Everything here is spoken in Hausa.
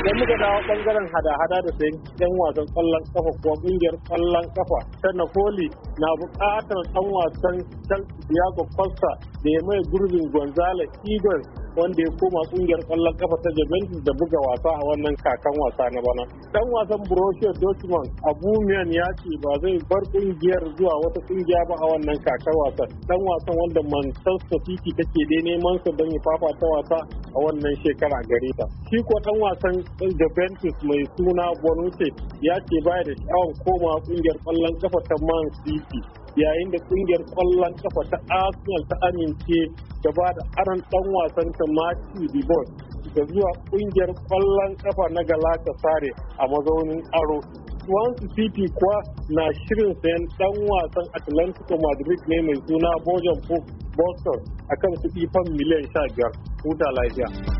Idan muka dawo bangaren hada-hada da sayan yan wasan kwallon kafa ko kungiyar kwallon kafa ta Napoli na bukatar dan wasan Chelsea Diego Costa da ya mai gurbin Gonzalo eagles wanda ya koma kungiyar kwallon kafa ta Juventus da buga wasa a wannan kakan wasa na bana. Dan wasan Borussia Dortmund Abumian ya ce ba zai bar kungiyar zuwa wata kungiya ba a wannan kakan wasan. Dan wasan wanda Manchester City take dai neman su don ya fafata wasa a wannan shekara gare ta shi ko dan wasan Juventus mai suna Bonucci ya ce baya da sha'awar komawa kungiyar kwallon kafa ta Man City yayin da kungiyar kwallon kafa ta Arsenal ta amince da ba da aron ɗan wasan ta Matthew Dibon da zuwa kungiyar kwallon kafa na Galatasaray a mazaunin aro Swansea City kuwa na shirin sayan ɗan wasan Atlantico Madrid ne mai suna Bojan Pogba Boston akan kuɗi fam miliyan sha biyar. Huta lafiya.